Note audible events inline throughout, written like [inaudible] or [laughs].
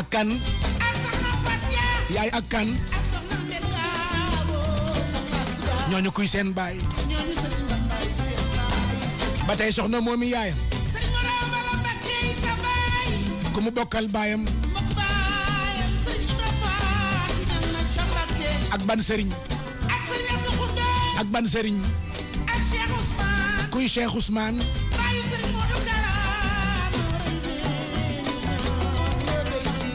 ak kan yaay ak kan ñooñu kuy seen baay ba tey soxna moomi yaayam ku mu bokkal baayam ak ban sëriñ ak ban sëriñ kuy Cheikh Ousmane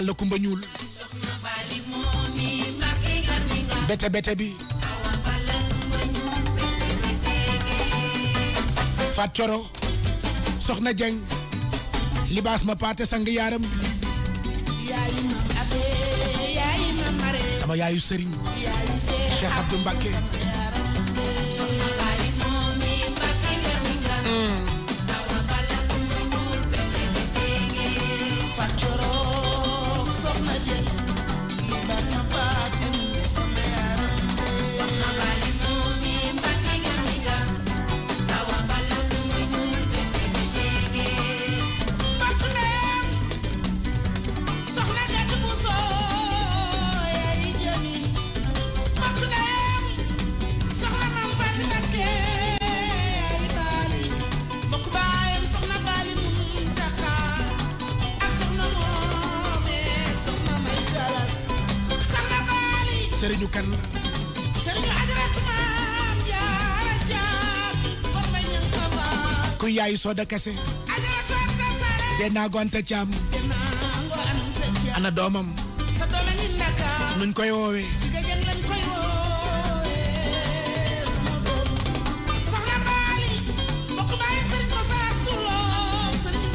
Balla Kumba ñuul bete bete bi Fat Coro Soxna Jeng libaas ma paate sang yaaram sama yaayu sëriñ Cheikh Abdou Mbacké hmm. Soda Kase dee naa gonta caam ana doomam nuñ koy woowee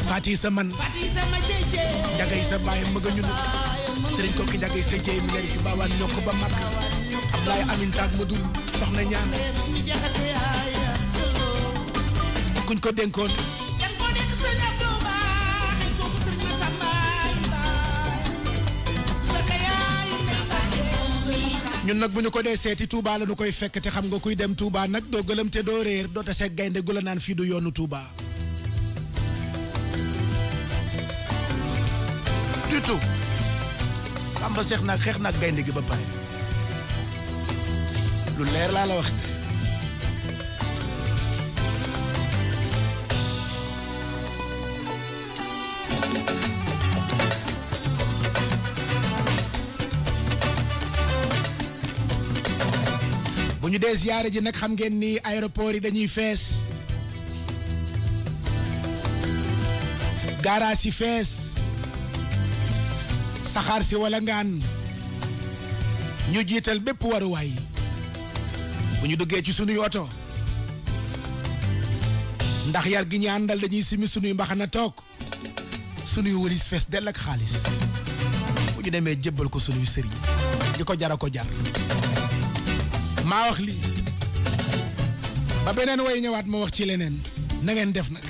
Fati sa man jagay sa baay mëgg ñu nut sëriñ ko ki jagay sa jéey mi leer bi baawaan ñoo ko ba mag Ablaay Aminta ak Madun soxna ñaan kuñ ko dénkoon ñun nag bu ñu ko dee seeti Touba la ñu koy fekk te xam nga kuy dem tuubaa nag doo gëlëm te doo réer doo tase gaynde gu la naan fii du yoonu Touba du tout xam seex naag xeex naag gaynde gi ba pare lu leer laa la wax bu ñu dee ziyaare ji nag xam ngeen ni aéroport yi dañuy fees gaaraas yi fees saxaar si wala ngaan ñu jiital bépp waruwaay bu ñu duggee ci sunuy oto ndax yar gi ñu àndal dañuy simi sunuy mbaxana toog sunuy wëlis fees dell ak xaalis bu ñu demee jébbal ko sunuy sëriñ di ko jara ko jar maa wax lii ba beneen way ñëwaat ma wax ci leneen na ngeen def nag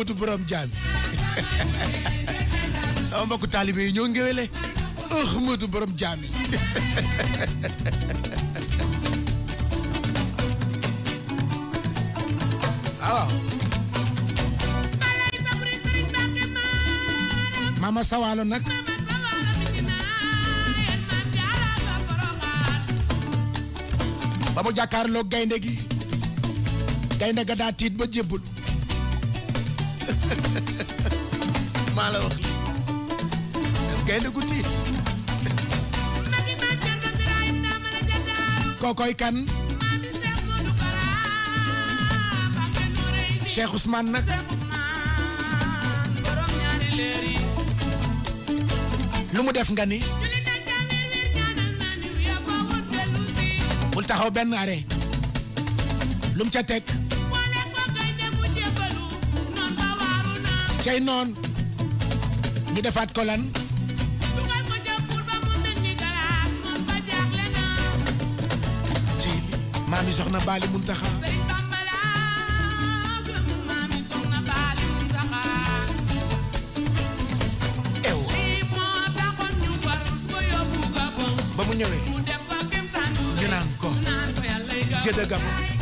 Mamadou Borom Diané [laughs] sama mbokku [laughs] ah, Sawalo nag ba mu jàkkaarloo gaynde gi gaynde ga daa ba jébbul kookoy kan Cheikh Ousmane nag lu mu def nga ni bul taxaw benn arrêt lu mu cay noon ñu defaat ko maami soxna Baali Muntaxa ew ba mu ñëwee ñu naan ko jëdë gabo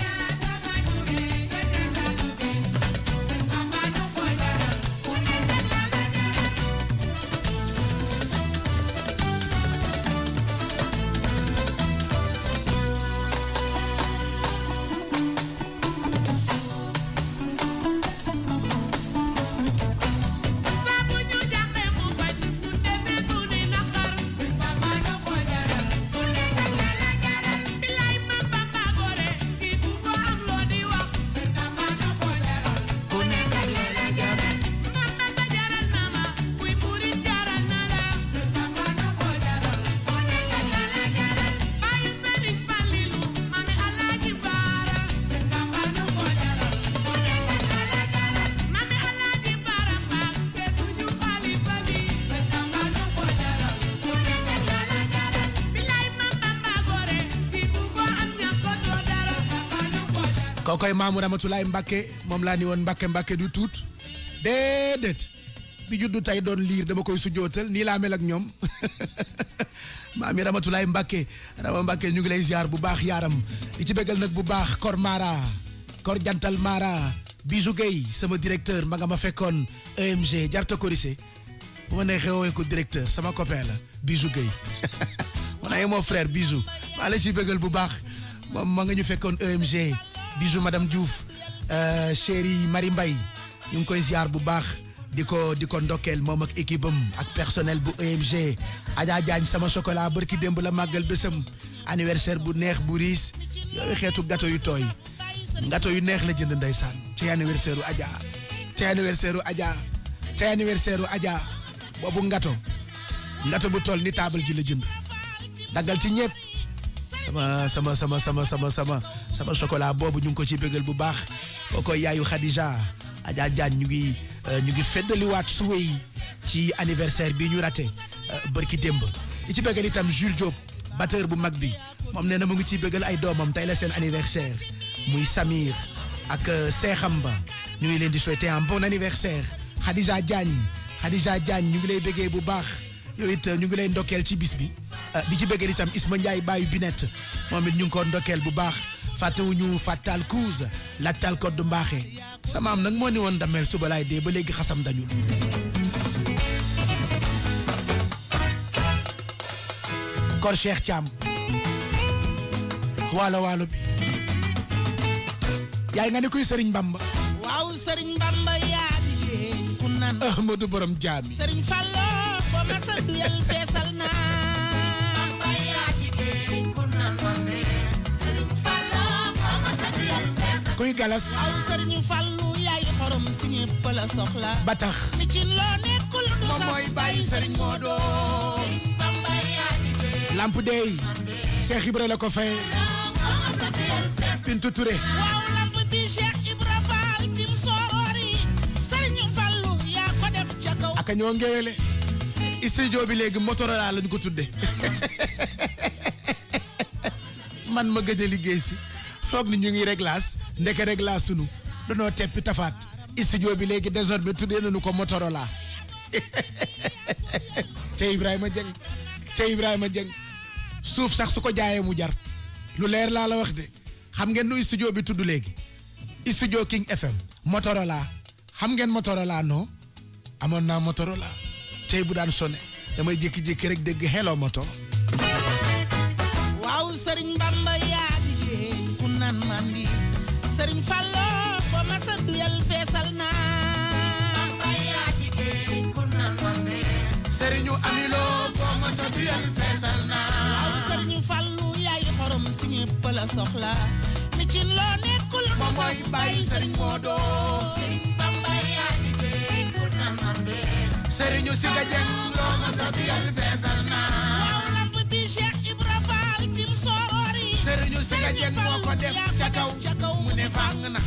loxoy Maamu Ramatoulaye Mbacke mom la ni won Mbacke Mbacke du tout dedet bi juddu tey don lire dama koy sujjootal ni la mel ak ñoom [laughs] maami Ramatoulaye Mbacke Rama Mbacke ñu ngi lay ziar bu baax yaram li ci bégal nak bu baax Kor Mara Kor Jantal Mara Bijou Gueye sama directeur ma nga ma fekkone EMG jarta korise bu ma neexee woowee ko directeur sama copain la Bijou Gueye [laughs] mon ay mo frère Bijou maa la ci bégal bu baax moom ma nga ñu fekkone EMG bijou madame Diouf euh, chéri Marie Mbaye ñu ngi koy ziar bu baax di ko di ko ndokkeel moom ak équipe am ak personnel bu EMG Adja Diagne sama chocolat barki démb la màggal bésam anniversaire bu neex bu riis yooyu xeetu gâteau yu tooy gâteau yu neex la jënd ndeysaan ci anniversaire u Adja ci anniversaire u Adja ci anniversaire u Adja boobu gâteau gâteau bu toll ni table ji la jënd daggal ci ñëpp sama sama sama sama sama sama sama chocolat Bob ñu ko ci vous bu baax yaayu Khadija Adja ñu ngi euh, ñu ngi ci anniversaire bi ñu raté euh, barki demb ci itam Jules batteur bu mag ngi ay la anniversaire muy Samir ak euh, ñu di souhaiter un bon anniversaire Khadija Diagne Khadija Diagne ñu ngi lay béggee bu baax yow it ñu ngi lay bis Ah, di ci bëggee itam Isma Ndiaye baayu Binette moom it ñu ngi ko ndokkeel bu baax fàttewuñu fàttal kuus laajtaal code du mbaaxee sama am nag moo ni woon dameel suba laay dee ba léegi xasam dañul kor Cheikh Thiam waalo waalo bi yaay nga ni kuy sëriñ Bamba waaw Serigne Bamba yaa di géej ku nan Ahmadou jaami muy galas. waaw sëriñ Fallou yaay xorom si ñëpp la soxla. ba tax. li ci loo nekkul du sax moom mooy bàyyi sëriñ Lamp Dey. Cheikh Ibra la ko fay. Bintu Touré. waaw Lamp di Cheikh Ibra Fall tim soori. sëriñ Fallou yaa ko def ca kaw. ak ñoo ngéwéle. studio bi léegi Motorola lañ ko tudde [laughs] man ma gëj liggéey si foog ni ñu ngi réglaas ndeke rek laa sunu danoo teppi tafaat studio bi léegi désormais tuddee nañu ko Motorola ca [laughs] Ibrahima Dieng ibrahim a Dieng suuf sax su ko jaayee mu jar lu leer laa la wax de xam ngeen nu studio bi tudd léegi studio King FM Motorola xam ngeen Motorola noo amoon naa Motorola tey bu daan sonné damay jékki-jékki rek dégg xeloo moto sëriñ Fallo ko ma sa duyal feesal naa sëriñu amilo ko ma sa duyal feesal naa waaw sëriñu Fallu si ñépp la soxla mi cin loo nekkul ko mooy bàyyi si ka loo ma sa duyal feesal naa Falilu si nga jëg moo ko def ca kaw mu ne fàng na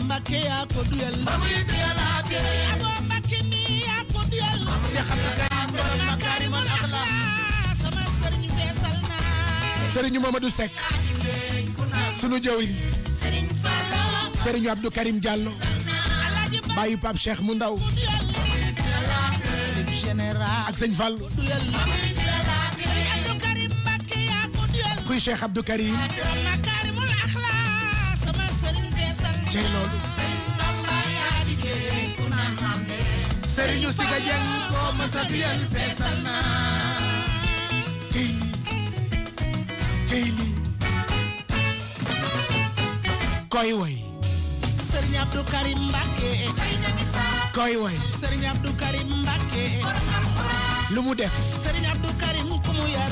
Mbacke yaa ko duyal. ba muy duyalaate. Abo Mbacke mi yaa ko duyal. Cheikh Abdou Karim borom Makarimal Akhlaq. sama sëriñ beesal naa. Sëriñ Mamadou Seck. sunu jëwriñ. Serigne Abdou Karim Diallo bàyyi Pape Cheikh mu ndaw ak sëñ Fall kuy Cheikh Abdou Karim cey loolu Serigne Siga Dieng ko ma sa fiyal feesal na cey cey li koy woy Abdou Karim Mbacké koy woy Serigne Abdou Karim Mbacké lu mu def Serigne Abdou Karim ku mu yar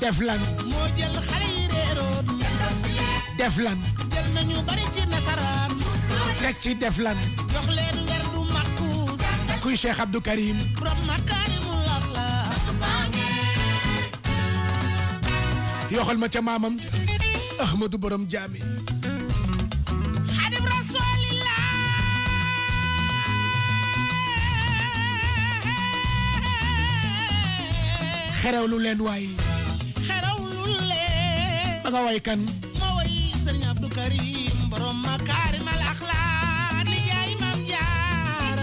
def lan moo jël xale yi réeroon def lan jël nañu bari ci nasaraan rek ci def lan jox leen werdu makkuus kuy Cheikh Abdou Karim borom makaarimul axlaaq yoxal ma ca maamam Ahmadou borom jaami xerewlu leen waay xerewlu leen ba nga way kan ma way sëriñ Abdou Karim borom makarim al axlaaq ni yaay mam jaar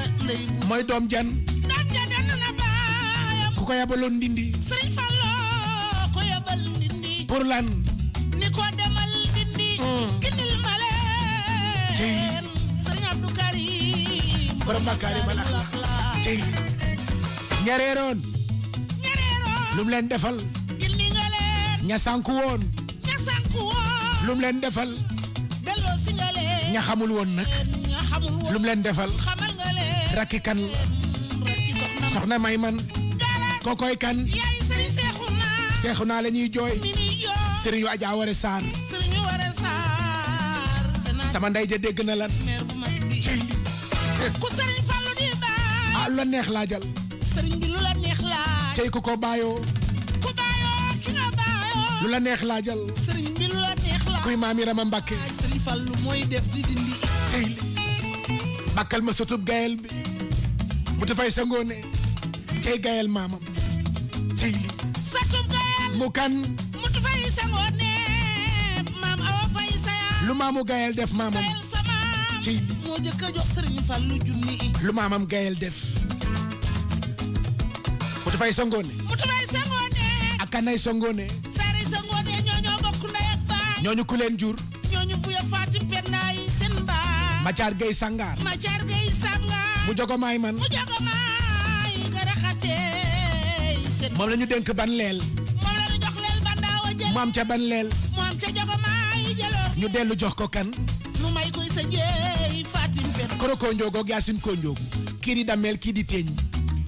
mooy doom jan doom jan dan na baayam ku ko yabaloon dindi, sëriñ Fallo hmm. ko yabal ndindi pour lan ni ko demal dindi, gindil ma leen sëriñ Abdou Karim borom makarim al axlaaq cey lum leen defal ña sànku woon leen defal ña xamul woon nag lum leen defal rakki kan soxna may man kokoy kan seexu naa la ñuy jooy sëriñu Adja Waré Sarr sama ndey ja dégg na lan ah lu neex laajal cey ku ko baayoo ku baayoo ki nga baayoo lu la neex laajal sëriñ bi lu la neex laajal kuy maam yi rama mbàkke sëriñ Fallu mooy def di dindi cey li bàkkal ma sotub gayel bi mu dafay sangoone cey gayel maamam cey li sotub gayel mu kan mu dafay sangoone maam awa fay saya lu maamu gayel def maamam cey li moo jëkk a jox sëriñ Fallu junni lu maamam gayel def Kutufay Songone. Kutufay Songone. ak Kanay Songone. Sare Songone ñooñoo bokk ndey ak baay. ñooñu ku leen jur. ñooñu buya Fatim Pennaay seen baay. Macaar Gueye Sangar. mu jogo man. mu jogo maay moom la ñu dénk ban leel. moom la ñu jox leel ban daaw a jël. mu ca ban leel. mu ca jogo maay ñu dellu jox ko kan. nu may koy sa jeey Fatim Pennaay. Koro Kondiogog Yacine kii di Damel kii di Teeñ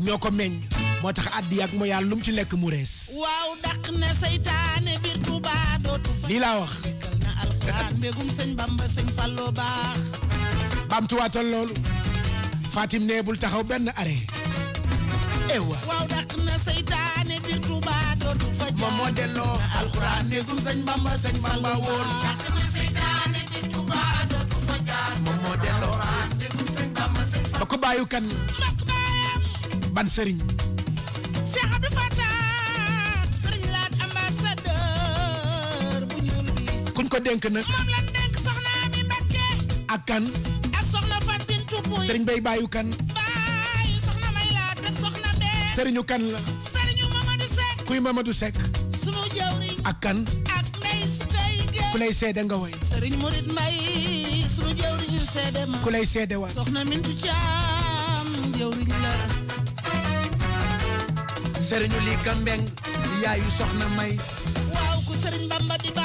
ñoo ko meññ. motax addi ak mo yàlla lum ci lek mu res waw dak na seytaane biir do tu fa. li la wax. begum na alxuraan mbégum sëñ Bamba sëñ Fallo baax. bamtuwaatal loolu. Fatim ne bul taxaw ben arrêt. ewa waw dak na seytaane biir Touba dootu fa. moom moo delloo alxuraan mbégum sëñ Bamba sëñ Fallo wóor. dàq na seytaane biir Touba dootu fa mo moom moo delloo alxuraan sëñ Bamba sëñ Fallo. ba ko bayu kan. ban serigne kuñ ko dénk nag moom lañ dénk soxna Ami Mbakke ak kan ak soxna Fat Bintu Pouy sëriñ bay baayu kan baayu soxna may la ak soxna bee sëriñu kan la sëriñu Mamadou Seck kuy Mamadou Seck sunu jawriñ ak kan ak ndey sukay gee ku seede nga way sëriñ Murid Mbay sunu jawriñu ma ku seede waay soxna Mintu Caam jawriñ la sëriñu lii kan yaayu soxna may waaw ku sëriñ Bamba di ba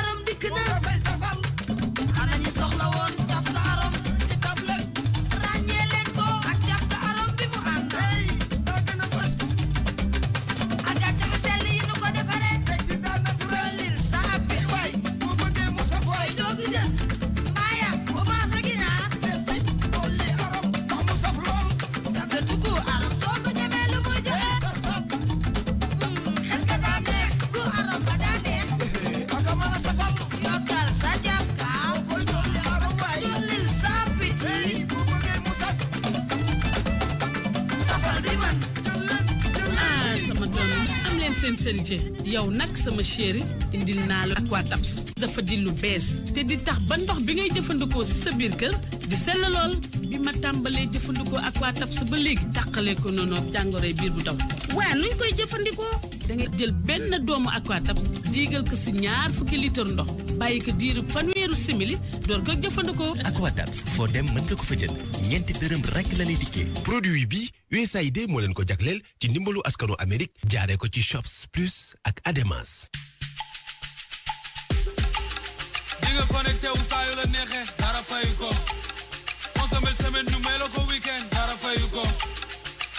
yow nag sama chéri indil naa la Aquatabs dafa di lu bees te di tax ba ndox bi ngay jëfandikoo si sa biir kër di sellool lool bi ma tàmbalee jëfandikoo Aquatabs ba léegi tàqalee ko noonu ak jàngoroy biir bu daw waa nuñ koy jëfandikoo da ngay jël benn doomu Aquatabs diigal ko si ñaar fukki litre ndox bàyyi ko diiru fanweeru simili door ko jëfandikoo Aquatabs foo dem mën nga ko fa jënd ñeenti dërëm rek la lay dikkee produit bi USAID moo leen ko jagleel ci ndimbalu askanu Amérique jaaree ko ci Shops Plus ak Ademas. di nga connecté wu saa yu la neexee dara fayu ko on semaine semaine ñu may la ko weekend dara fayu ko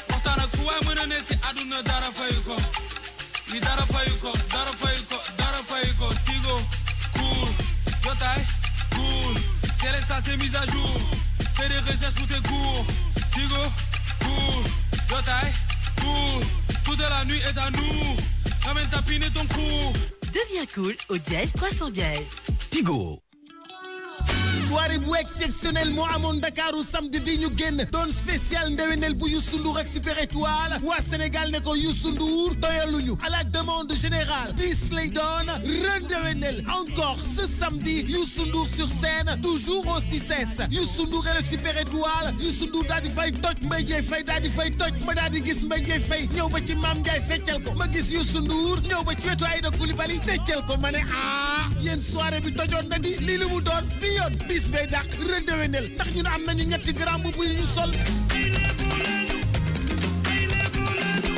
waxtaan ak fu waay mën a ne si àdduna dara fayu ko li dara fayu ko dara fayu ko dara fayu ko Tigo cool jotaay cool télécharge tes mise à jour fais des recherches pour tes cours Tigo. Bataille, tout taille, de la nuit est à nous. Ramène ta pine et ton cou. Deviens cool au 10 310. Tigo soirée bu exceptionnel moo dakar au samedi bi ñu génn don spécial ndewenel bu Youssou Ndour Super Étoile à Sénégal ne ko Youssou Ndour doyaluñu à la demande générale bis lay doon rendewenel encore ce samedi Youssou sur scène toujours au 6S Youssou Ndour et le Super Étoile Youssou Ndour daal di fay toj Mbaye Ndiaye Faye daal di fay toj ma daal di gis Mbaye Ndiaye Faye ñëw ba ci mam Ndiaye feccal ko ma gis Youssou Ndour ñëw ba ci wetu de Coulibaly feccal ko mané ah yeen soirée bi tojoon na di li mu bi bis bee dàq redéwénel ndax ñun am nañu ñetti grand mbubb yu ñu sol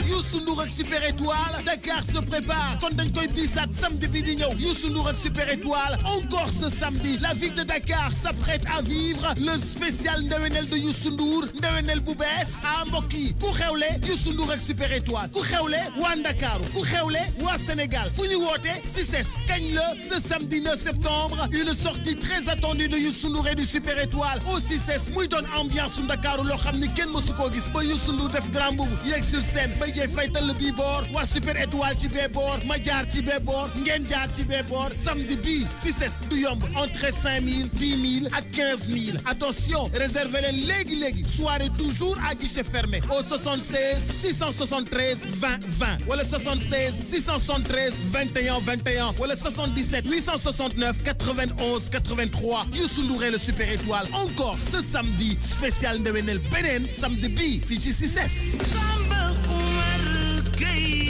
Youssou Ndour Super Étoile Dakar se prépare Quand dañ koy samedi bi di Youssou Super Étoile encore ce samedi la ville de Dakar s'apprête à vivre le spécial ndewenel de Youssou Ndour ndewenel bu à Amboki. Ah, Pour ku Youssou Ndour Super Étoile ku xewle waa Ndakaaru ku Sénégal Pour ñu woote si ses ce samedi 9 septembre une sortie très attendue de Youssou Ndour et du Super Étoile au c'est muy doon ambiance Dakar, Dakar loo xam kenn mësu gis ba Youssou Ndour def grand boubou Yek sur scène fight le bi ou à super étoile ci bee magyar ma jaar ci bee samedi bi 6 entre 5000, 10000 à 15000. attention réservez les légui légui soirée toujours à guichet fermé au 76 673 20 20 le 76 673 21 21 ou le 77 869 91 83 Youssou le super étoile encore ce samedi spécial Benel Benen. samedi bi Fiji gay.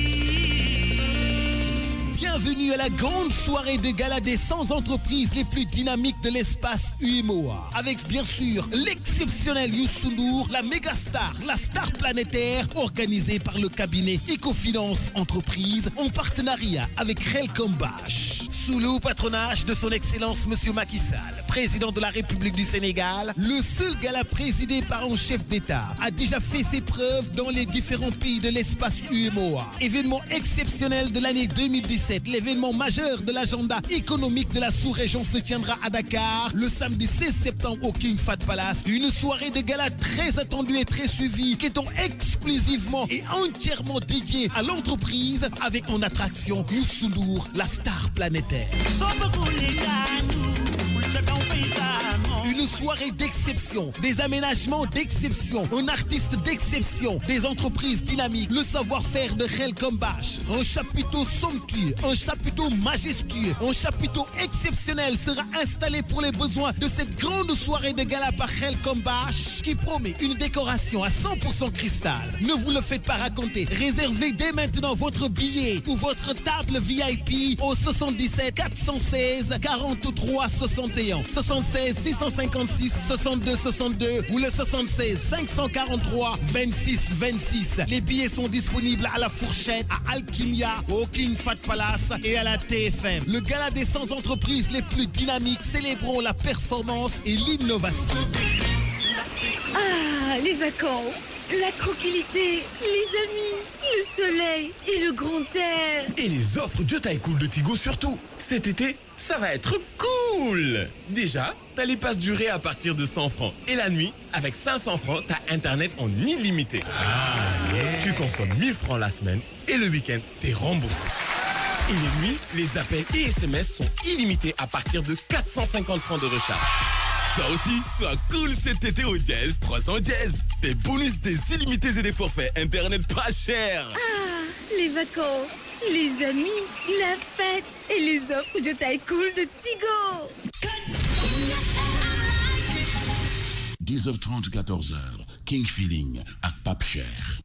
Bienvenue à la grande soirée de gala des 100 entreprises les plus dynamiques de l'espace UMOA. Avec bien sûr l'exceptionnel Youssou la méga star, la star planétaire, organisée par le cabinet Ecofinance Entreprise en partenariat avec Relcom Bash. Sous le haut patronage de son excellence Monsieur Macky Sall, président de la République du Sénégal, le seul gala présidé par un chef d'État a déjà fait ses preuves dans les différents pays de l'espace UMOA. Événement exceptionnel de l'année 2017 l'événement majeur de l'agenda économique de la sous-région se tiendra à Dakar le samedi 16 septembre au King Fat Palace. Une soirée de gala très attendue et très suivie qui est exclusivement et entièrement dédiée à l'entreprise avec en attraction Youssou la star planétaire soirée d'exception, des aménagements d'exception, un artiste d'exception, des entreprises dynamiques, le savoir-faire de Helcom un chapiteau somptueux, un chapiteau majestueux, un chapiteau exceptionnel sera installé pour les besoins de cette grande soirée de gala par Helcom qui promet une décoration à 100% cristal. Ne vous le faites pas raconter. Réservez dès maintenant votre billet ou votre table VIP au 77 416 43 61 76 650 56 62 62 ou le 76 543 26 26. Les billets sont disponibles à la Fourchette, à Alchimia, au King Fat Palace et à la TFM. Le gala des 100 entreprises les plus dynamiques. Célébrons la performance et l'innovation. Ah, les vacances, la tranquillité, les amis, le soleil et le grand air. Et les offres de taille cool de Tigo surtout. Cet été, ça va être cool Déjà, t'as les passes durées à partir de 100 francs. Et la nuit, avec 500 francs, t'as Internet en illimité. Ah, Tu consommes 1000 francs la semaine et le week-end, t'es remboursé. Et les nuit, les appels et SMS sont illimités à partir de 450 francs de recharge. Toi aussi, sois cool cet été au Jazz 300 Des bonus, des illimités et des forfaits Internet pas cher. Ah, les vacances les amis, la fête et les offres de taille cool de Tigo. 10h30, 14h, King Feeling à Pape Cher.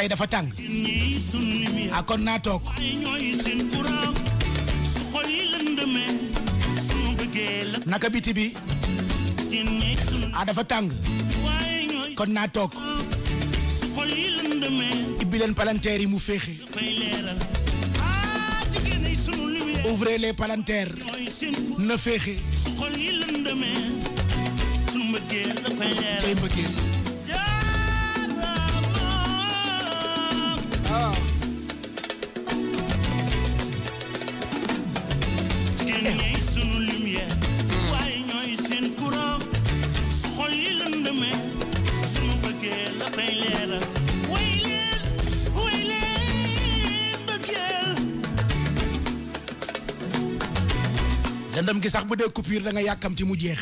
tey dafa tàng a ah, naa toog naka biti bi a ah, dafa tàng kon naa toog ibbi leen palanteer yi mu féexe ouvrez les palanteers na féexe tey mbëggeel coupure danga nga yàkkamti mu jeex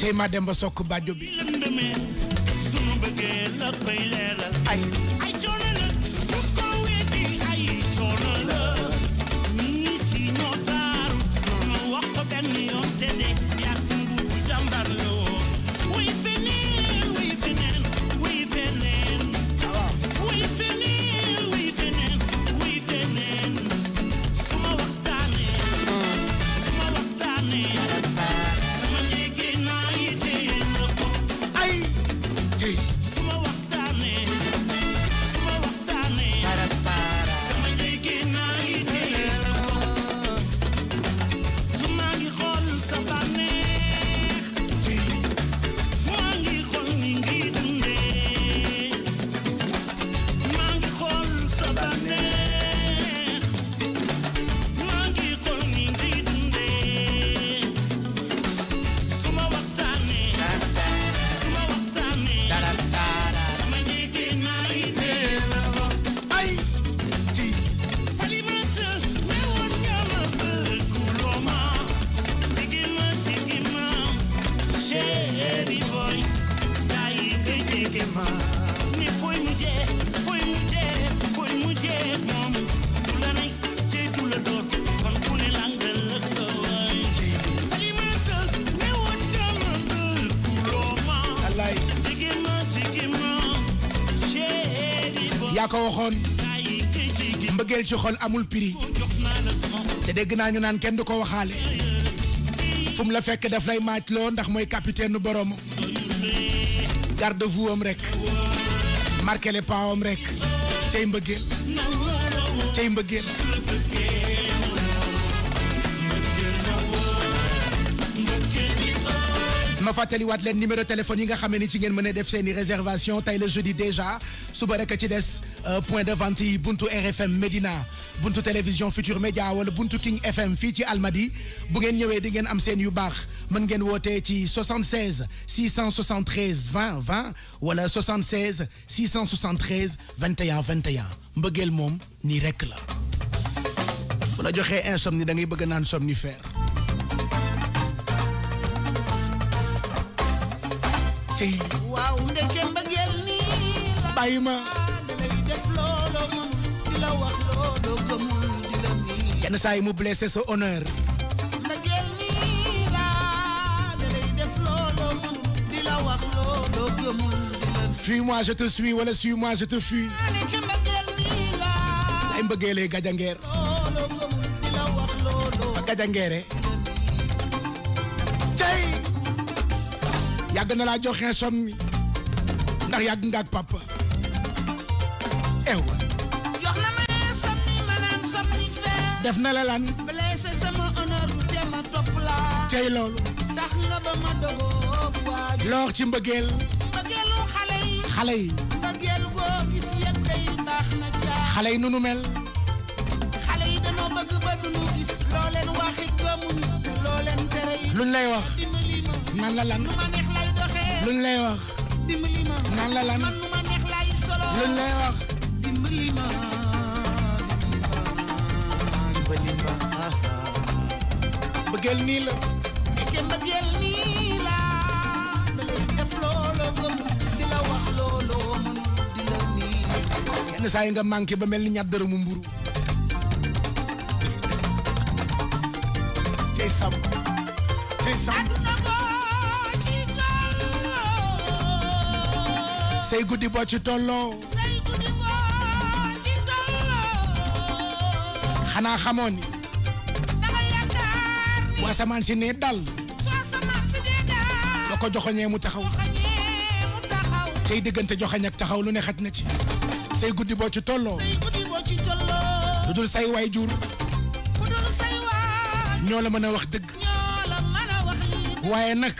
tey ma dem ba sokk bàjjo bi ay xol amul prix te dégg naa ñu naan kenn du ko waxaale fu mu la fekk daf lay maaj loo ndax mooy capitaine borom garde vous am rek marqué le pas am rek cay mbëggeel cay mbëggeel ma fàttaliwaat leen numéro téléphone yi nga xamee ni ci ngeen mën a def seeni réservation tey le jeudi déjà suba rek ci des euh, point de vente yi buntu RFM medina buntu télévision Futur Média wala buntu King FM fiti ci Almadi bu ngeen ñëwee di ngeen am seen yu ngeen 76 673 20 20 wala 76 673 21 21 mbëggeel moom ni rek la. bu la joxee da ngay bëgg naan somnifère. ma. yenn saa yi mu blessé sa honneur. Fuis-moi je te suis wala suis-moi je te fuis. ay mbëggeelee gajangeer. gajangeere. tey. yàgg na laa jox insomnie. ndax yàgg nga ak papa. def na la lan blessé sama honneur du te ma topp laa tey loolu tax nga ba ma dogoo waaju loox ci mbëggeel mbëggeelu xale yi xale yi mbëggeel boo gis yëg day baax na caa xale yi nunu mel xale yi danoo bëgg ba dunu gis loo leen waxi gëmuñu loo leen tere yi luñ lay wax dimbali ma naan la lan nu ma neex lay doxee luñ lay wax dimbali ma naan la lan man nu ma neex lay solo luñ lay wax mbëggeel nii la ke mbëggeel nii la di la wax di la nii yenn saa yi nga manqué ba mel ni dërëmu mburu say guddi ci asamaan si ne dal la ko joxoñee mu taxaw say diggante joxoñ taxaw lu ne xaj na ci say guddi boo ci tolloo lu dul say waay jur ñoo la mën a wax dëgg waaye nag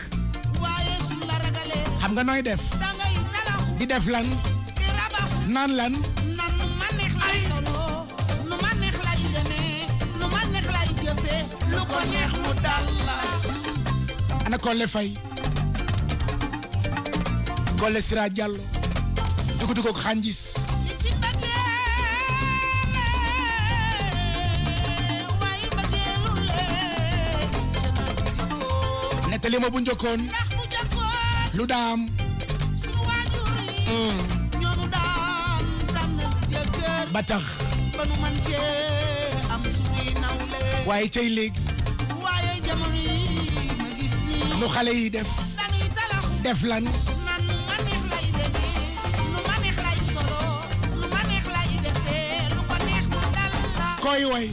xam nga nooy def di def lan naan lan ana Kole Faye Kole Sira Diallo dugu dugg ak xanjis nettali ma bu njëkkoon lu daam mm. ba tax waaye tey léegi nu xale yi def def lan koy way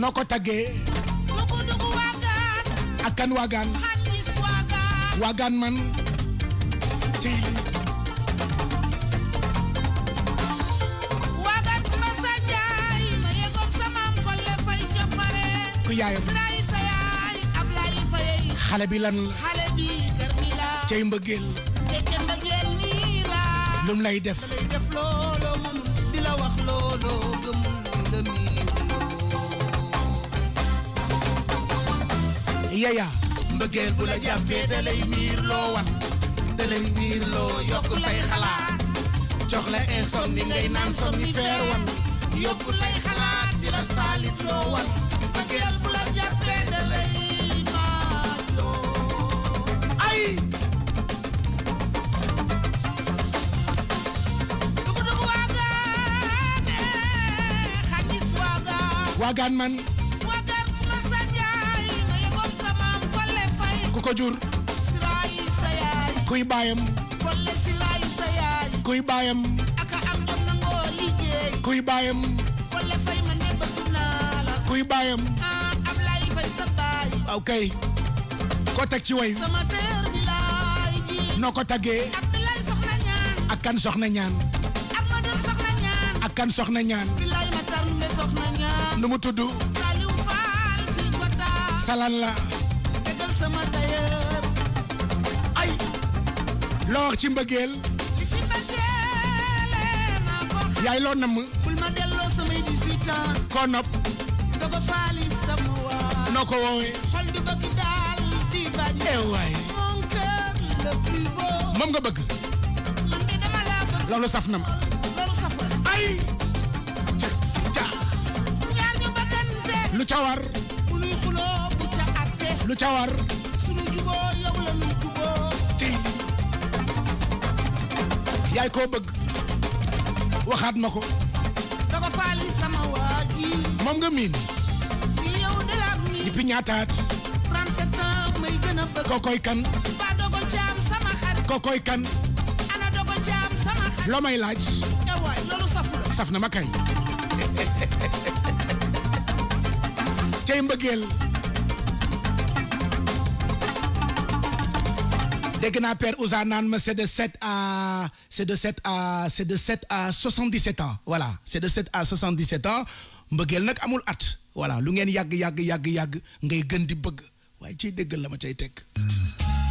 noo ko taggee ak kan waagaan waagaan man yëfu yaayam xale bi lan la cay mbëggeel lum lay def yaya mbëggeel bu la jàppee da lay miir loo wan da lay miir loo yokk say xalaat jox la insomnie ngay naan somnifère wan yokk say xalaat di la saalif loo wan wagan man wagan ma sanjay ma yegom sama kolle fay kuko jur siray sayay kuy bayam kolle siray sayay kuy bayam aka am jom nango liggéey kuy bayam kolle fay ma ne batuna la kuy bayam ah am lay fay sa bay okay ko tek ci way sama ter bi lay ji noo ko taggee soxna ñaan akan soxna ñaan soxna ñaan kan soxna ñaan nu mu tudd salan la ay loo wax ci mbëggeel yaay loo namm koo nopp noo ko woowee eewaay eh moom nga bëgg loolu saf na lu ca war bu nuy xuloo lu ca sunu yow la yaay sama waaji moom nga miin yow de la depuis 37 ans may kan ba dogo sama kan ana dogo caam sama may laaj eh [laughs] cay mbëggeel dégg naa père Ousa naan ma c'est de 7 à c'est de 7 à c'est de 7 à 77 ans voilà c'est de 7 à 77 ans mbëggeel nag amul at voilà lu ngeen yag yag yag yag ngay gën di bëgg waaye ciy déggal la ma cay teg.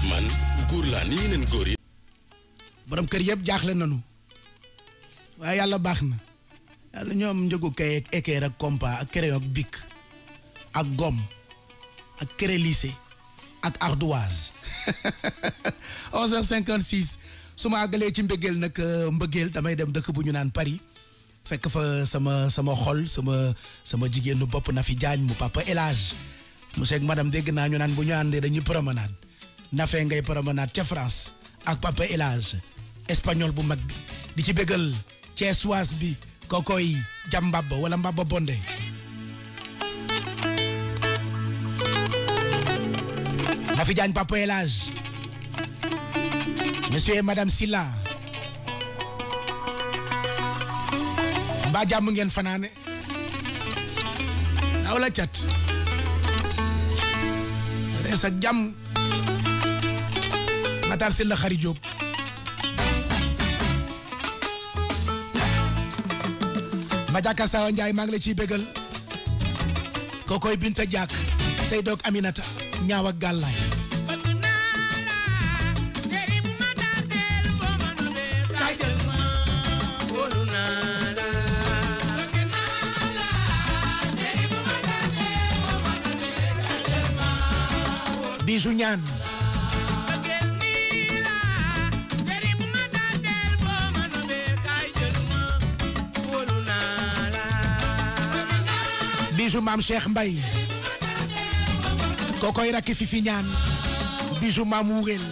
man góor laa ni yeneen góor yi. borom kër yëpp jaaxle nañu waaye yàlla baax na yàlla ñoom njëgu kay équerre ak compas ak crayon ak bic. ak gomme ak craie lissée ak ardoise 11h56 [laughs] su ma àggalee ci mbëggeel nag euh, mbëggeel damay dem dëkk bu ñu naan Paris fekk fa sama sama xol sama sama jigéenu bopp na fi jaañ mu papa élage monsieur ma dem dégg naa ñu naan bu ñu àndee dañuy promenade nafee ngay promenade ca France ak papa élage espagnol bu mag bi di ci bëggal ceesuwaas bi kokoy jam mbabba wala mbabba bonde Rafi Diagne Papa El Hadj monsieur Silla mbaa jàmm ngeen fanaane aw la cat rees ak Matar Silla Xari Jóob ma Sawa Njaay maa ngi la ci bégal kokoy Binta Jaak Seydoog Aminata ñaaw ak bisu ñaan bisu maam Cheikh Mbay kokoy rakki fifi ñaan bisu maam Wurel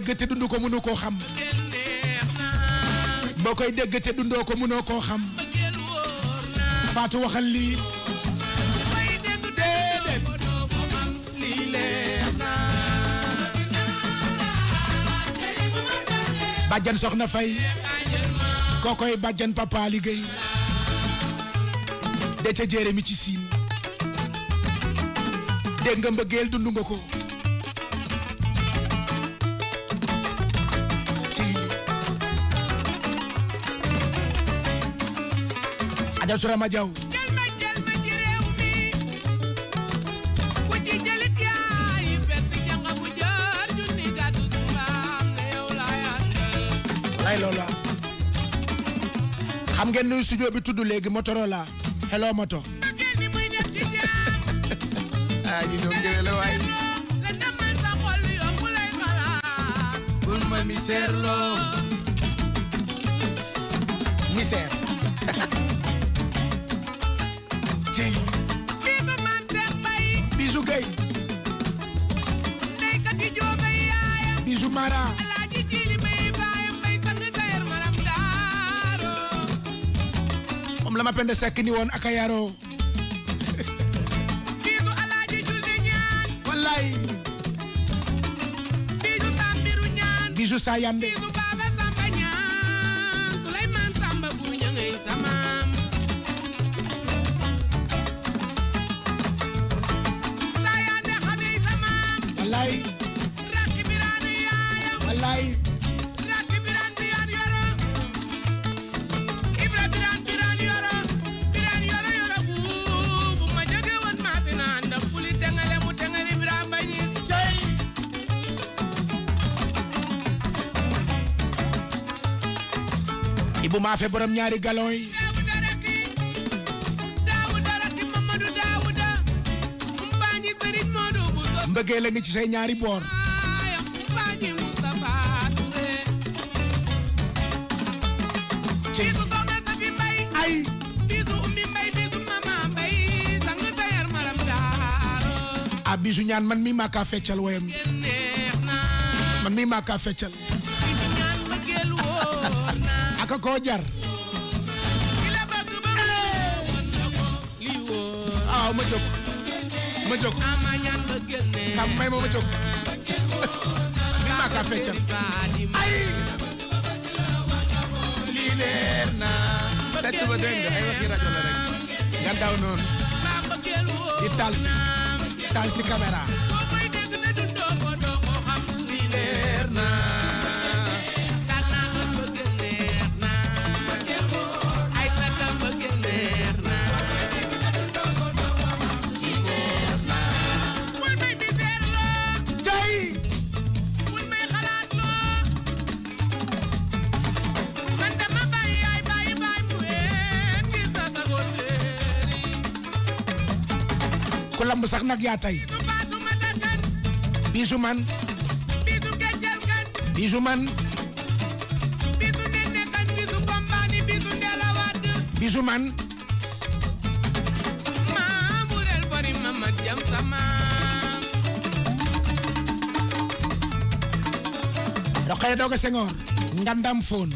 dégg te dund ko mënu koo xam boo koy dégg te dundoo ko mënoo koo xam Fatou waxal lii bàjjan soxna fay kookoy bàjjan papa liggéey de ca jéere ci siin dégg nga mbëggeel dund nga ko Ajaratu Rama Jaw ay loola xam ngeen nuy studio bi tudd léegi Motorola hello moto ah [laughs] ñu doon jëlee la waay. bul ma misère loo misère. [laughs] ma pende sekk ni woon aka yaroo biidu alaaji julde ñaan wallaay biidu tambiru ñaan biidu sayande paafe borom ñaari galon yi mbëggee la ngi ci ñaari boor bisu ñaan man mi maa kaa feccal woyam man mi maa kaa feccal koo jar waaw ah, ma jóg ma jóg sam [laughs] ay lii ba dégg nga ay waxi rajo la rek lamb sax nag yaa tey bisu man bisu man bisu man Rokhaya Doga sengor. Ngandam Phone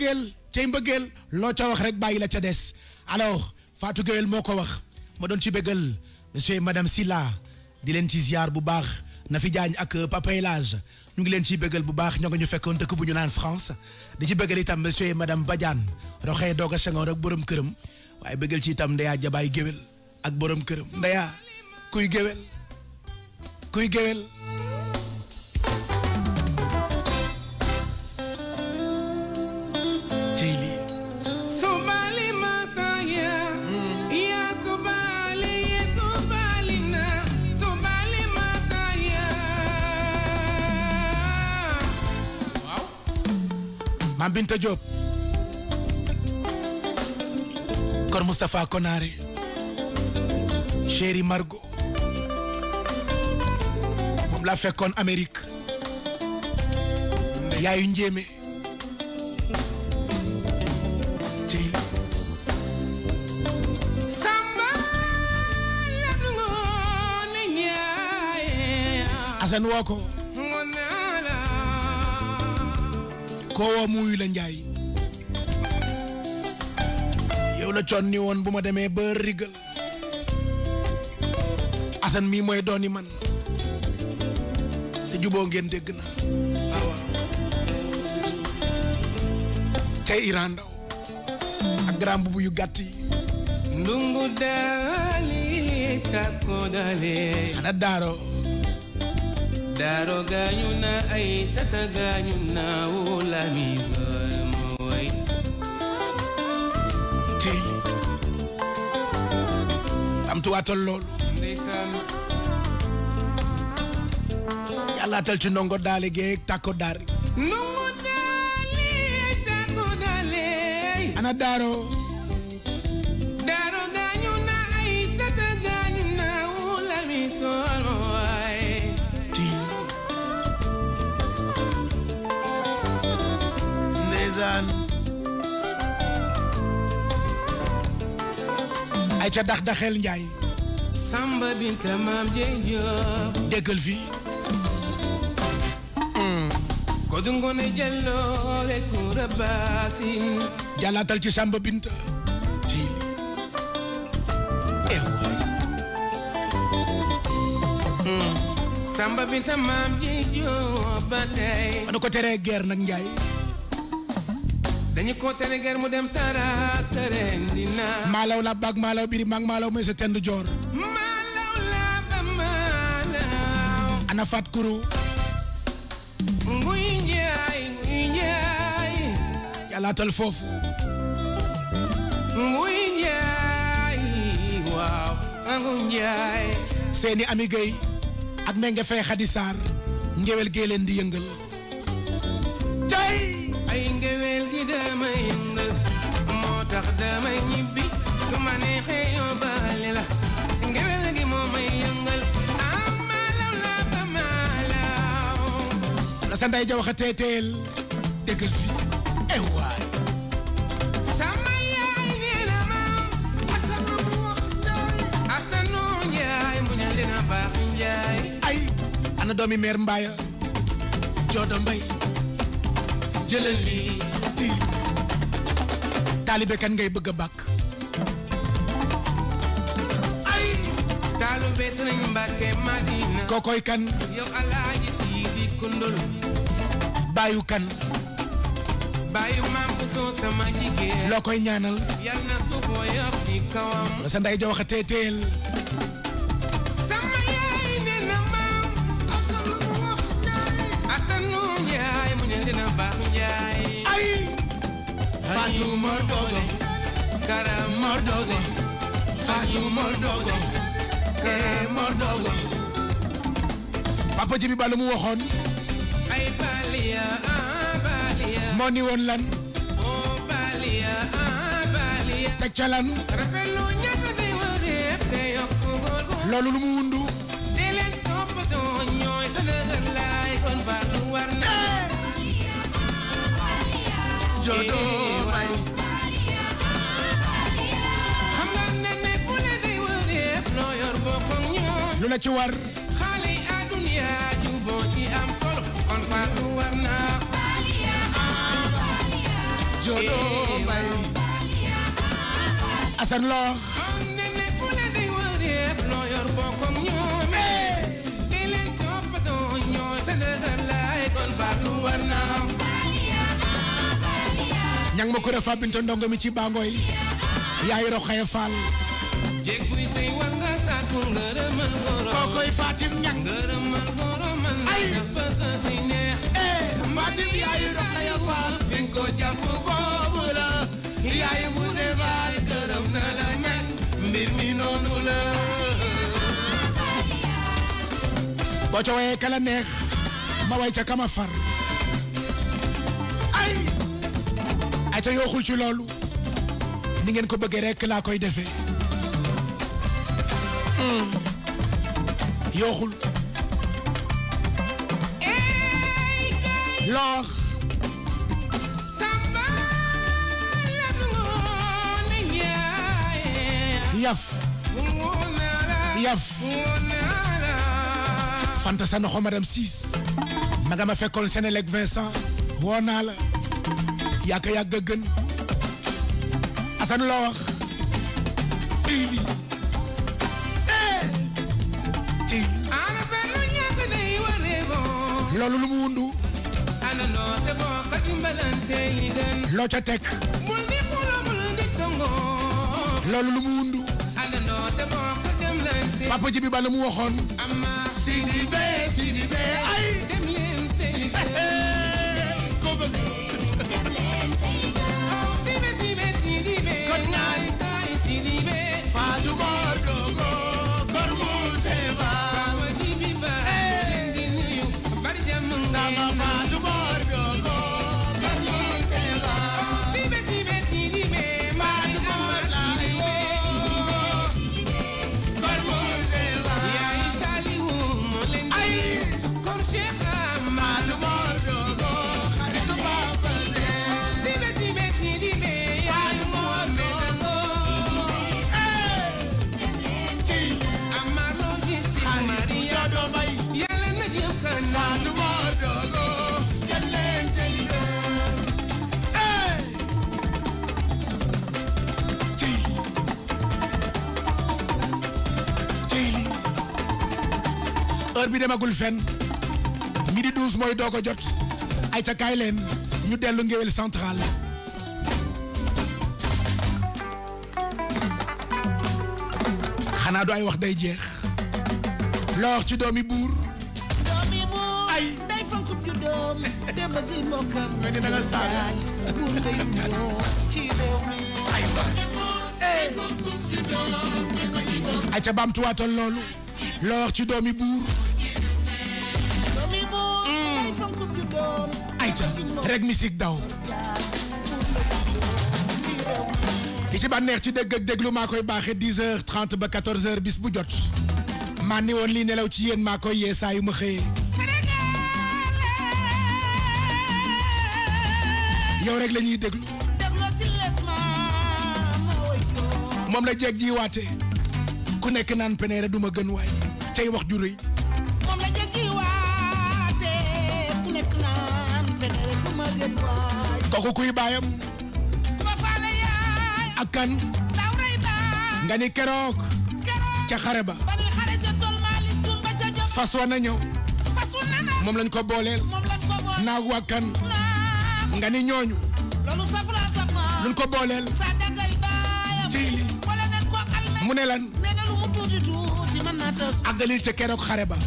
mbeugel cay mbeugel lo ca wax rek bayila ca dess alors Fatou Gueye moko wax ma don ci beugel monsieur et madame Silla di len ci ziar bu bax na fi jaañ ak euh, papaylage ñu ngi len ci beugel bu bax ñoo ñu fekkon dekk bu ñu naan France di ci beugel itam monsieur et madame Badiane roxé doga a rek borom kërëm waye beugel ci itam ndeyaa jabaay géwél ak borom kërëm ndeyaa kuy géwél kuy géwél Mame Binta Diop Kor Moustapha Konare Chéri Margo moom laa fekkoon amerik yaayu njéeme Assane woo ko koowoo muuyu la njaay yow la coon ni woon bu ma demee ba rigal asan mii mooy dooni man te juboo ngeen dégg na waaw tey Iran grand bubu yu gàtt ndungu daali takko daali ana daaro daaro gaañu na ay sata gaañu na wulaami sol mooy tey amtuwaatal loolu ndeysaan yàllaatal ci ndongo daali geeg tàkko daari ndongo daali tàkko daali ana daaro ay ca dax daxel njaay samba binta maam jey joob fi hmm. ko du ngoone jaloore rabbaasi jalaatal ci samba binta hmm. samba binta maam jey ba tey ko teree geer nag njaay dañu ko tere geer mu dem tara tereen malaw la bag malaw biri mag malaw mese tendu jor malaw la ba malaw ana fat kuru nguy njaay nguy la yalaatal fofu nguy njaay waaw nguy njaay seeni ami gay ak menge fay khadisar ngewel gee di yeungal sa nday e ja waxa teeteel fi eh waay ana doomi meer mbaaya joodo mbay jëlal lii di taalibe kan ngay bëgg Madina kokoy kan alaaji kundul baayu kan baayu maam Bousso sama jigéen loo koy ñaanal yal na suuf woyof ci kawam la sa ndey ja waxa teeteel sama mu wax njaay asal nu mu ne dina baax ay Fatou Mor Dogo Karam Mor Dogo Fatou Mor Dogo Karam Mor Dogo mu waxoon moo ni woon lan oh, ah, teg ca lan loolu lu mu wundu jodo lu la ci war jolo bay asan lo ñang ma ko refa binto ndongo mi ci bangoy yaay ro xaye fal jeg buy sey war nga sakku ngeuremal goro kokoy fatim ñang ngeuremal goro man ay ba sa sey ne eh fatim yaay ro xaye fal bin ko jappo yaay mu ne baay gërëm na la ñaan mbir mi noonu la boo ca wayee kala neex ma mm. way ca kama far ay ay ca yooxul ci loolu ni ngeen ko bëggee rekk laa koy defee yooxul loox yaf fanta sa noxo madame siis magama fekkoon Senelec Vincent woo naa la yàgg yàgg gën Assane la wax ii ci loolu lu mu wundu loo ca teg loolu lu mu wundu papa ji bi ba la mu waxoon. Sidibé Sidibé ay. kon naa bi demagul fenn midi 12 ca rek musique daw li ci bànneex ci dégg déglu maa koy baaxee 10 heures ba 14 heures bis bu jot maa ni woon lii nelaw ci yéen maa koy yee saa yu ma xëyee yow rek la ñuy déglu moom la jeeg ji waate ku nekk naan peneere duma gën waay cay wax ju rëy kooku kuy baayam ak kan nga ni keroog ca xare ba fas wa na ñëw moom lañ ko booleel naag wa nga ni ñooñu luñ ko booleel ci mu ne lan àggalil ca keroog xare ba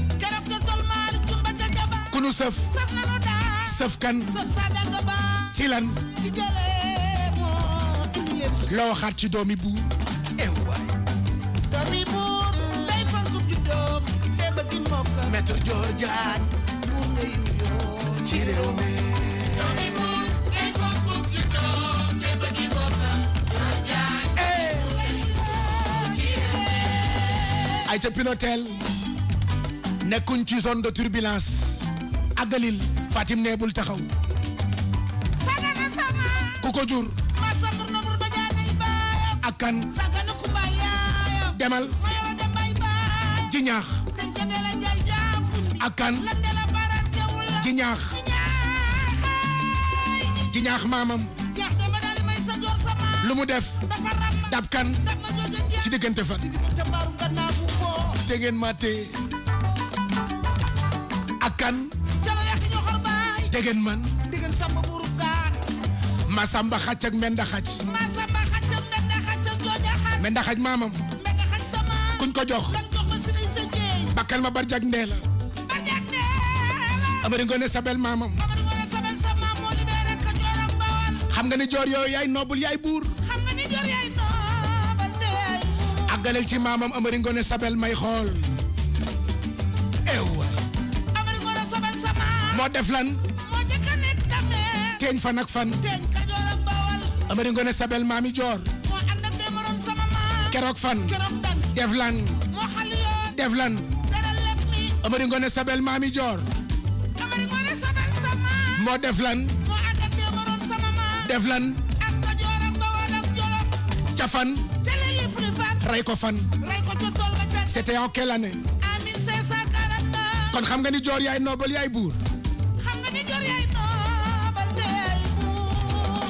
ku nu sëf sëf kan ci lan loo waxaat ci doomi buur eh, doomi buur day fonk juddoom te bëgg mbokk maître Dior Diagne buur nga yiw ci réew mi doomi buur eh. ci réew ay ca Pinotel nekkuñ ci zone de turbulence agalil Fatim ne bul taxaw ko jur ak kan demal jiñaax ak kan jiñaax jiñaax maamam lu mu def dab kan ci diggante fan te ngeen ma tee ak kan degen man Masamba xaj ak Menda xaj. Masamba xaj ak Menda xaj ak kuñ ko jox. ma Serigne sa jeey. ma barjak ndee barjak ndee la. Amari Sabel maamam. Amari Ngoone Sabel sa nga ni ci maamam Amari Ngoone Sabel may xool. teeñ fan fan. amari ngone sabel maami joor keroog fan deflan deflan amari ngone sabel maami joor moo deflan deflan cafan ray ko fan c'était en quelle année kon xam nga ni joor yaay nobel yaay buur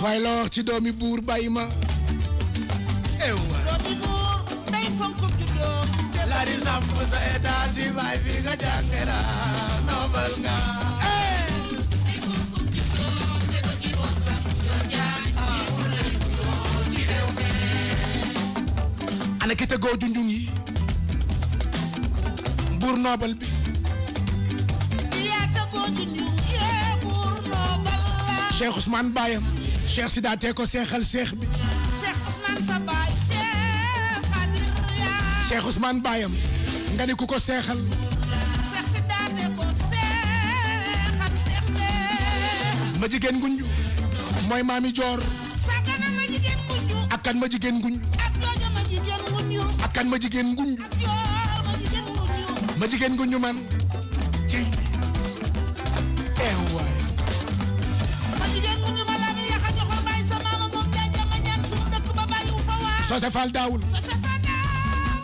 waaye la wax ci doomi buur bàyyi ma ew doomi buur day fonk juddoo la di samp sa état si baay fi nga jàngera nobal nga ana ki tegoo junjung yi buur nobal bi yaa tegoo junjung yee buur nobal la Cheikh Ousmane Bayam Cheikh Sida tee ko seexal Cheikh bi. Cheikh Ousmane sa Cheikh Xadir Cheikh Ousmane Bayam nga ni ku ko Cheikh Sida tee ko seexal Cheikh bi. ma jigéen gunju. mooy mami jor sagana ma jigéen gunju. ak majigen ma gunju. ak jooja ma gunju. ak kan ma gunju. ma gunju. gunju man. ci. eewaay. Socé Fall daawul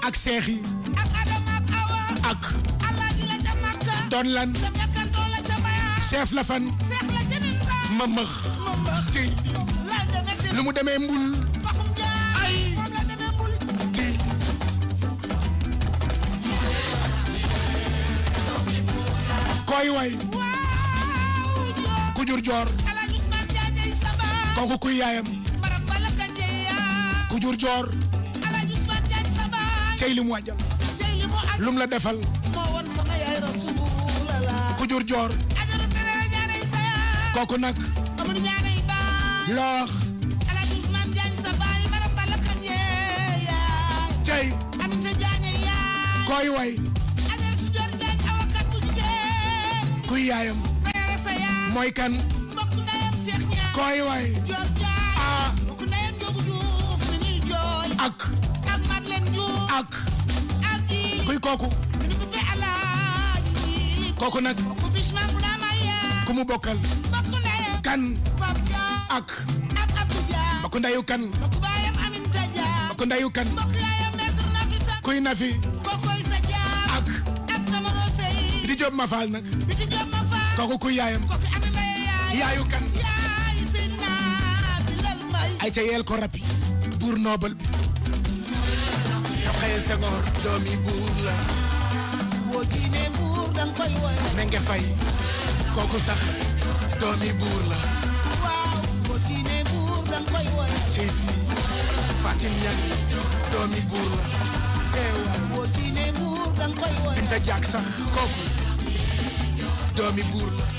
ak seex yi ak doon lan chef la fan ma mëx ci lu mu demee mbul ay koy way ku jur joor kooku kuy yaayam ku jur joor cey li mu wàjjal lum la defal ku jur joor kooku nag loox cey koy way kuy yaayam mooy kan koy way ak ak mat leen juuf ak kuy kooku kuy nafi kuy yaayam kan ay ca ko rapi buur noobal bi Léopold Senghor doomi buur la boo jiinee buur dang koy woy Menge Fay kooku sax doomi buur la waaw boo jiinee buur dang koy woy Chef Fatim Ñang doomi buur la eew eh, boo jiinee buur dang koy woy Binta Jaak sax kooku doomi buur la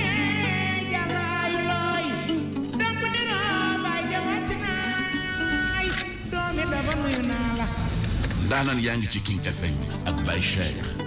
dá yaa ngi ci King FM a Baye Cheikh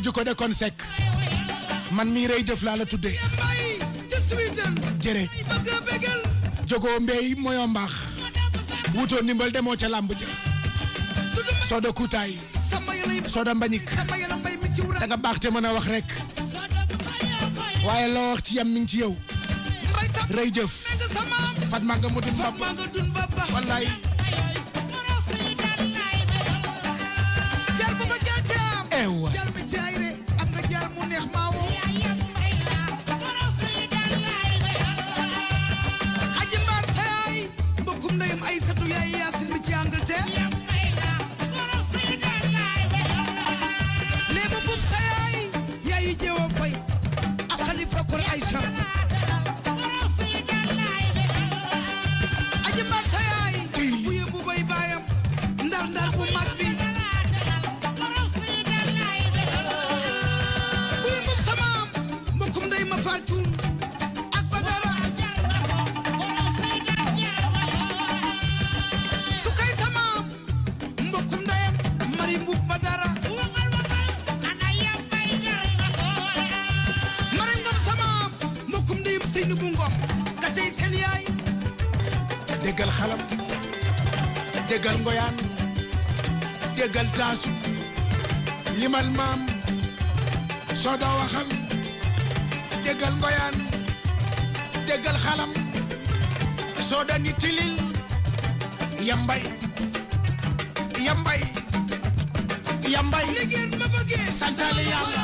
ku ju ko de kon sekk man mii rey jëf laa la tudde jërë jogoo mbey moyo mbaax wutoo ndimbal demoo ca làmb ja sooda kutaay sooda mbañik da nga baax te mën a wax rek waaye loo wax ci yam mi ci yow rey jëf Fatma nga mu dun bab wallaay ngom nga sey seen yaay déggal xalam déggal ngoyaan déggal taasu limal maam soo daa waxal déggal ngoyaan déggal xalam soo daa ni tilil yambay yambay yambay liggéey ma bëggee santale yàlla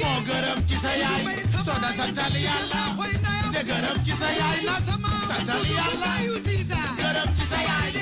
moo gërëm ci yaay soo daa santale gërëm ci sa yaay la sama sant yàlla gërëm ci sa yaay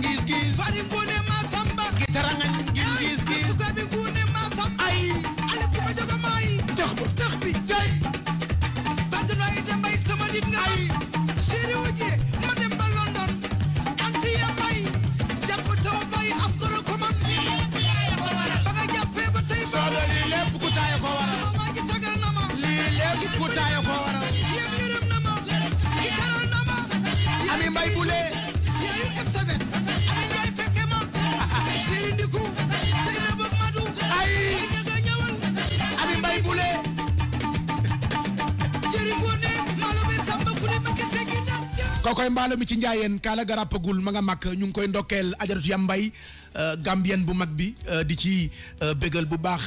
What? koy mbaalo mi ci njaayeen kaala garapagul ma nga mag ñu ngi koy ndokkeel ajaratu yambay euh, gambien bu mag bi euh, di ci euh, bégal bu baax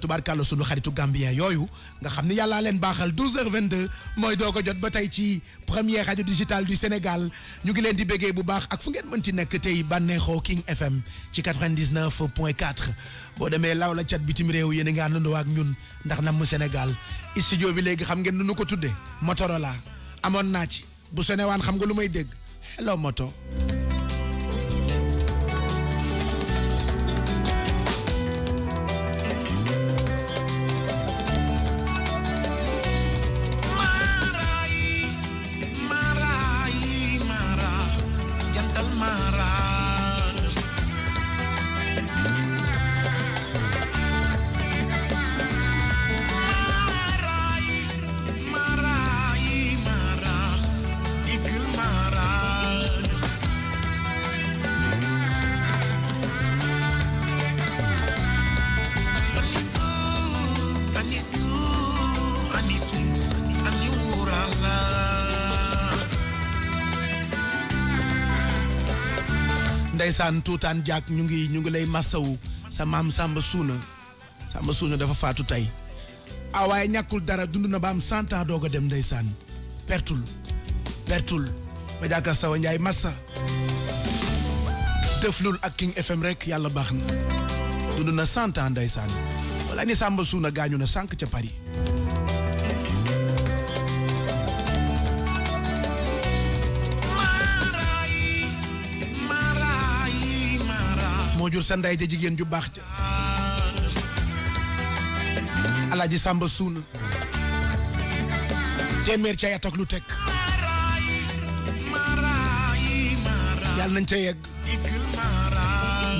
tubaarkàlla sunu xaritu gambien yooyu nga xam ne yàllaa leen baaxal 12h22 mooy doo ko jot ba tey ci première radio digitale du Sénégal ñu ngi leen di béggee bu baax ak fu ngeen mënti nekk tey bànneexoo King FM ci 99 point 4 boo demee law la cat bitim réew yéen a ngi àndandoo ak ñun ndax mu Sénégal studio bi léegi xam ngeen nu nu ko tuddee Motorola amoon naa ci. bu sonewaan xam nga lu may dégg hello moto ndeysaan tuutaan jaag ñu ngi ñu ngi lay massawu sa maam sàmba Suuna Samba Suuna dafa faatu tey ah waaye ñàkkul dara dund na ba am cent ans doog dem ndeysaan pertul pertul ba jàkka sawa Njaay massa dëflul ak King FM rek yàlla baax na dund na cent ans ndeysaan wala ni Samba Suuna gaañu na sànq ca Paris jur sa nday ja jigéen ju baax ja alaaji sàmba suuna téeméer ca yat lu teg yàlla ca yegg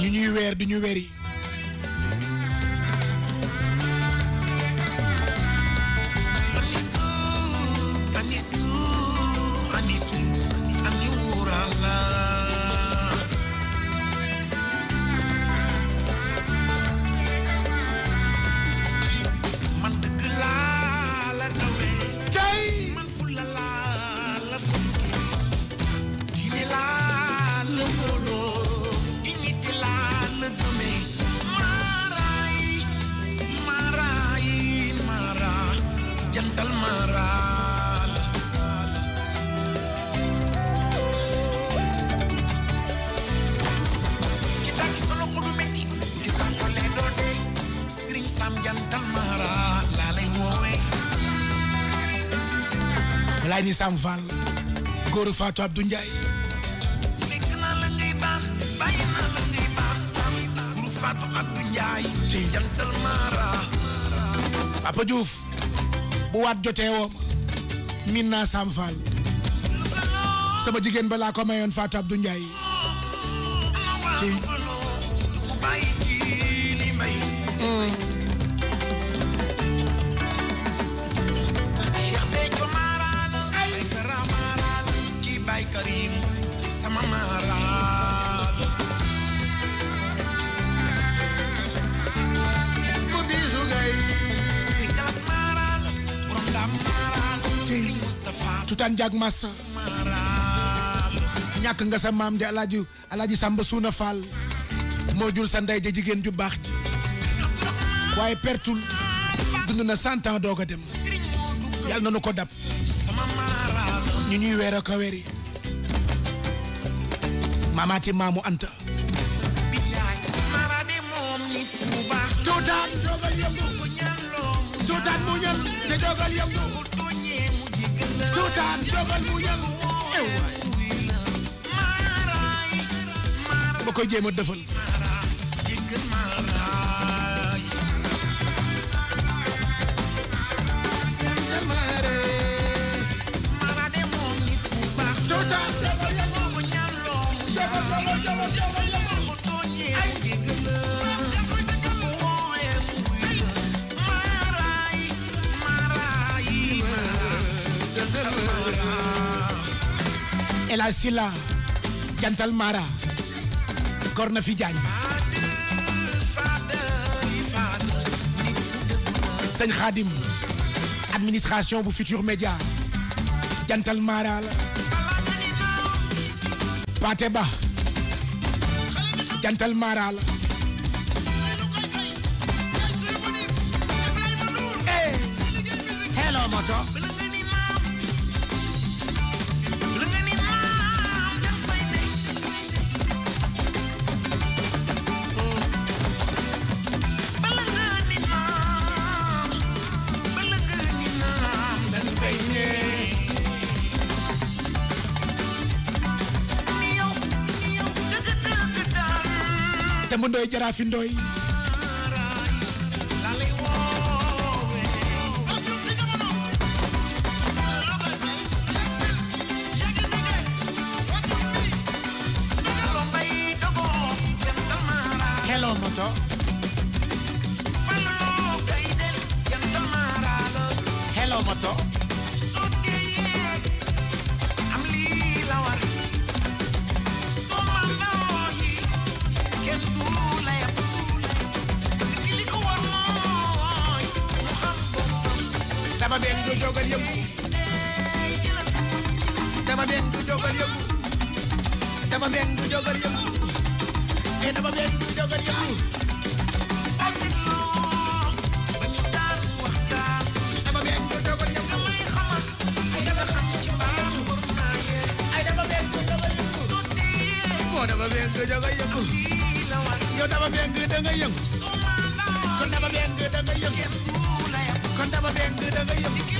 ñu ñuy weer di ñu weri Sam Fall góoru Fatou Abdou Ndiaye naa la ngay baax bàyyi naa la ngay baax góoru Fatou Abdou Ndiaye te bu waat jotee woom min naa Sam sama jigéen balaa ko mayoon Fatou Abdou Ndiaye ci buutaan jaag massa ñàkk nga sa maam di alaaji alaaji Samba Suuna Fall moo jur sa ndey ja jigéen ju baax ji waaye pertul dund na cent ans doog a dem yàlla na nu ko dab ñu ñuy weer a ko weri maamaati maamu Anta tuutaan tuutaan mu ñal te dogal yëngu tuutaan jógal mu yëngu ma koy jéem a dëfal El Hadj Silla Mara Corna fi Diagne sëñ administration bu Futur Média jantal Mara la Pate Ba Mara Nafi Ndoye du jógal yëngu dama benn du jógal yëngu dama benn du jógal yëngu e dama benn du jógal yëngu dama benn du jógal yëngu yow dama benn da nga yëngu kon dama benn da nga yëngu kon dama benn da nga yëngu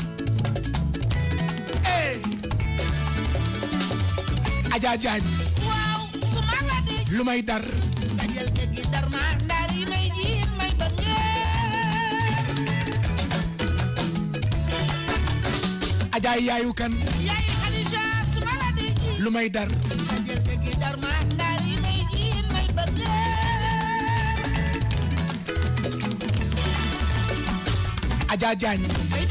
Adja Diagne waaw su ma wadi lu may dar dajal dëgg dar ma ndar yi may jiir may bëgg Adja yaayu kan yaayu Khadija su ma wadi lu may dar dajal dëgg dar ma ndar yi may jiir may bëgg Adja Diagne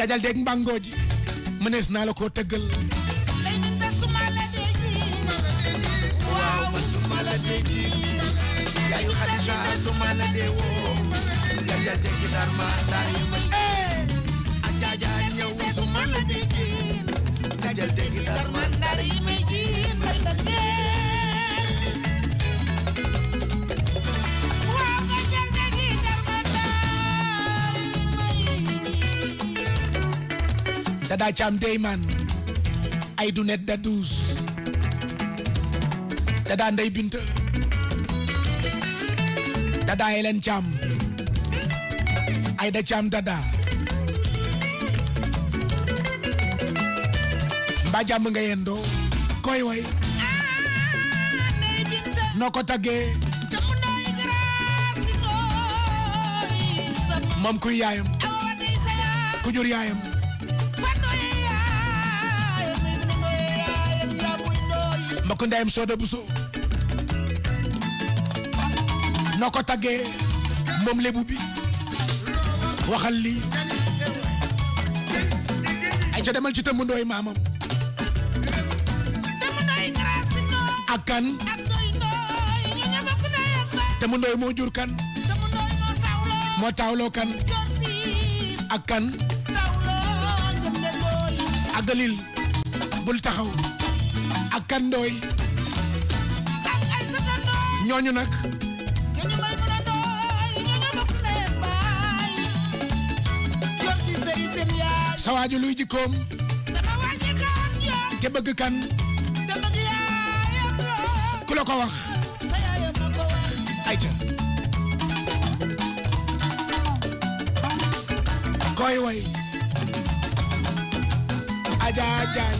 dajal deg mbangooji mënees naa la koo tëggal Khadija sumala dewo ya ya tekidar ma dari Ada Cam Deyman ay du net da douze dada ay da Cam dada mba jàmm nga yendoo koy way noo ko moom kuy yaayam ku yaayam mbokk ndeyam sooda bu soo noo ko taggee moom waxal lii ay ca demal ci tëmb ndooy maamam ak kan tëmb ndooy moo jur kan moo taawloo kan ak kan ak dalil bul taxaw Kan Ndoy ñooñu nag sa waaju luy jikkoom te bëgg kan ku la ko wax ayca koy way aja jaan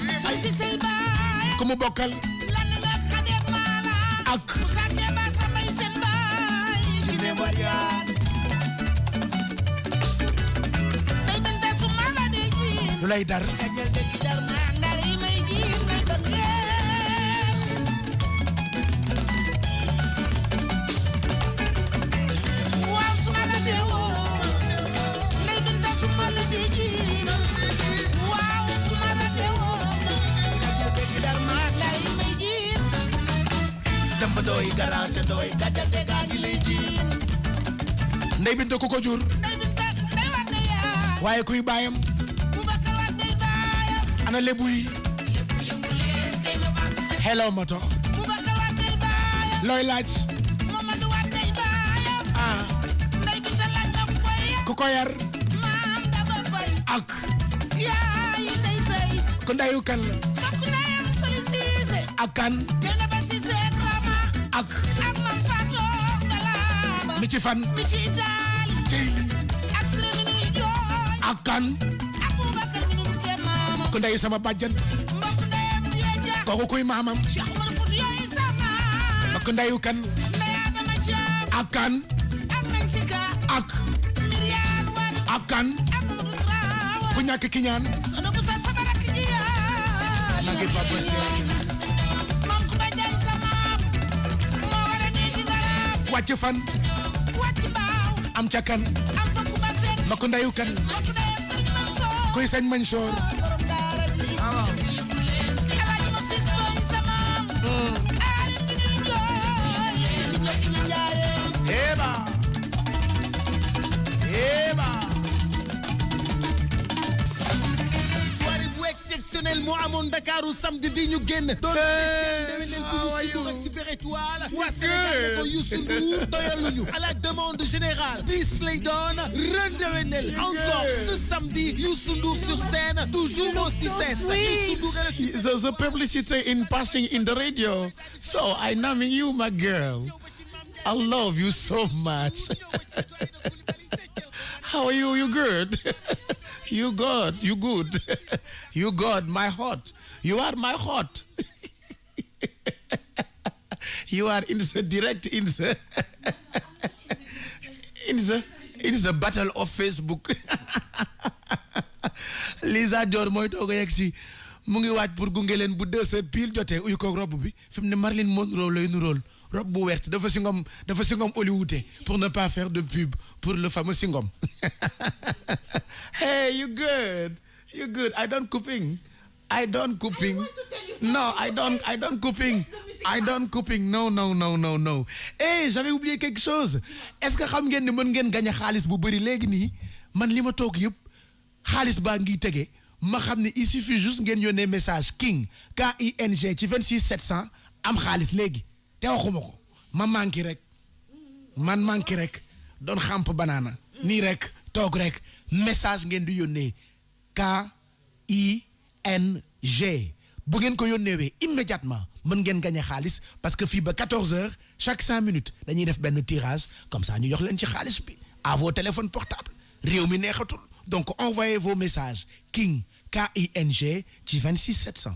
ku mu bokkal ak lu lay dar lamb binta ku ko jur waaye kuy baayam ana lébu ma hello moto Boubacar war day baayam looy laaj Mamadou war baayam ah ndey binta laaj na ku ko yar ku ko yar maam ak yaayi ndey sëy ku ndeyu kan la ak ku siise ak kan ci fan ak kan ku ndey sama bàjjan kooku kuy maamam ak ndeyu kan ak kan ak ak kan ku ñàkk ki ñaan nagi papa wàcc fan am ca kan ma ko ndeyu kan kuy sañ mañ soor exceptionnel moo amoon Dakaru samedi bi ñu génn doon spécial déwénal bu ñu si récupéré étoile waa Sénégal ne ko Youssou Ndour doyaluñu [laughs] Lion du Général, Bis Laydon, Run de Renel. Encore ce samedi, Youssou Ndour sur scène, toujours au 6S. Youssou Ndour est le... The, the publicity in passing in the radio. So I name you my girl. I love you so much. [laughs] How are you? You good? [laughs] you good? [laughs] You good? you good? My heart. You are my heart. you are in the direct in the. it is a it is a battle of Facebook [laughs] Lisa Dior mooy toog a yegg si mu ngi waaj pour gunge leen bu deux heures pile jotee uyu koog rob bi ne mu ne Marilyn Monroe lay nuróol rob bu wert dafa si singom dafa singom hollywoodé pour ne pas faire de pub pour le fameux singom [laughs] hey you good you good I done cooking I don't cooping, no, I don't, I don't cooping, I don't cooping, No, no, no, no, no. Hey, eh, j'avais oublié quelque chose. Est-ce que xam ngeen ni mën ngeen gagné xaliss bu bëri légui man lima ma yeb xaliss ba ngi tege ma xam ne il suffit juste ngeen yónnee message king K I N G ci 26 700 am xaliss légui té waxumako ma manki rek man manki rek doon xàmp banana ni rek tok rek message ngeen du K I. NG. Vous pouvez ko yónneewee immédiatement Mon ngeen gagné Khalis parce que Fiba 14 h chaque 5 minutes dañuy faire un tirage comme ça à jox York. ci à vos téléphones portables donc envoyez vos messages KING K-I-N-G 26700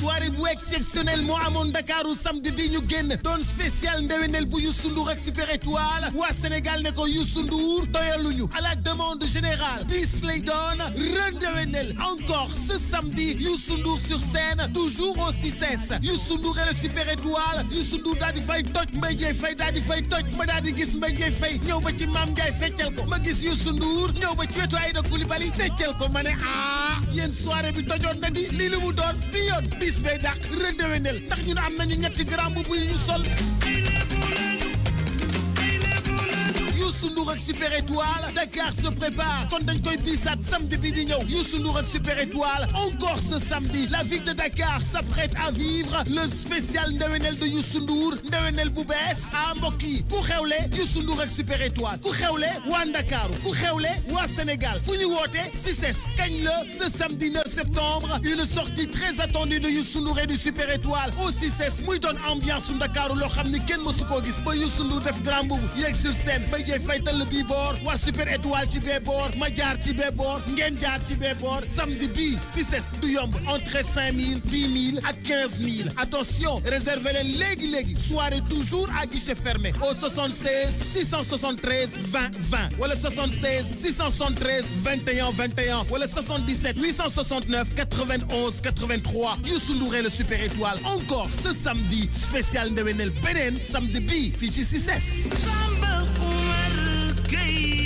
soirée bu exceptionnel moo amoon Ndakaaru samedi bi ñu génn don spécial ndewenel bu Youssou Ndour ak Super Étoile wa Sénégal ne ko Youssou Ndour doyaluñu à la demande générale bis lay doon rendewenel encore ce samedi Youssou Ndour sur scène toujours au 6S Youssou Ndour et le Super Étoile Youssou Ndour daal di fay toj Mbaye Ndiaye fay daal di fay toj ma daal di gis Mbaye Ndiaye fay ñëw ba ci mam Ndiaye feccal ko ma gis Youssou Ndour ñëw ba ci wetu Aïda Coulibaly feccal ko ma ne ah yéen soirée bi tojoon na di lii li mu doon yoon bis bay dàq redéwénel ndax ñun am nañu ñetti Youssou Ndour Super Étoile Dakar se prépare kon dañ koy samedi bidigno di Youssou Ndour Super Étoile encore ce samedi la ville de Dakar s'apprête à vivre le spécial ndewenel de Youssou Ndour ndewenel bu à ah pour ku Youssou Ndour Super Étoile ku xewle waa pour ku Sénégal pour 6S si ce samedi 9 septembre une sortie très attendue de Youssou Ndour et du Super Étoile au CICES muy donne ambiance su Dakar loo Ken ni kenn mësu gis Youssou Ndour def grand boubou sur scène Ndeye Dieye le bibor super étoile ci ma jaar ci ci samedi bi 6S du entre 5000 10 000 15000. 15 000 attention réservez les légui légui soirée toujours à guichet fermé au 76 673 20 20 le 76 673 21 21 ou le 77 869 91 83 Youssou Ndouré le super étoile encore ce samedi spécial Benel benen, samedi Fiji 6 Samba game.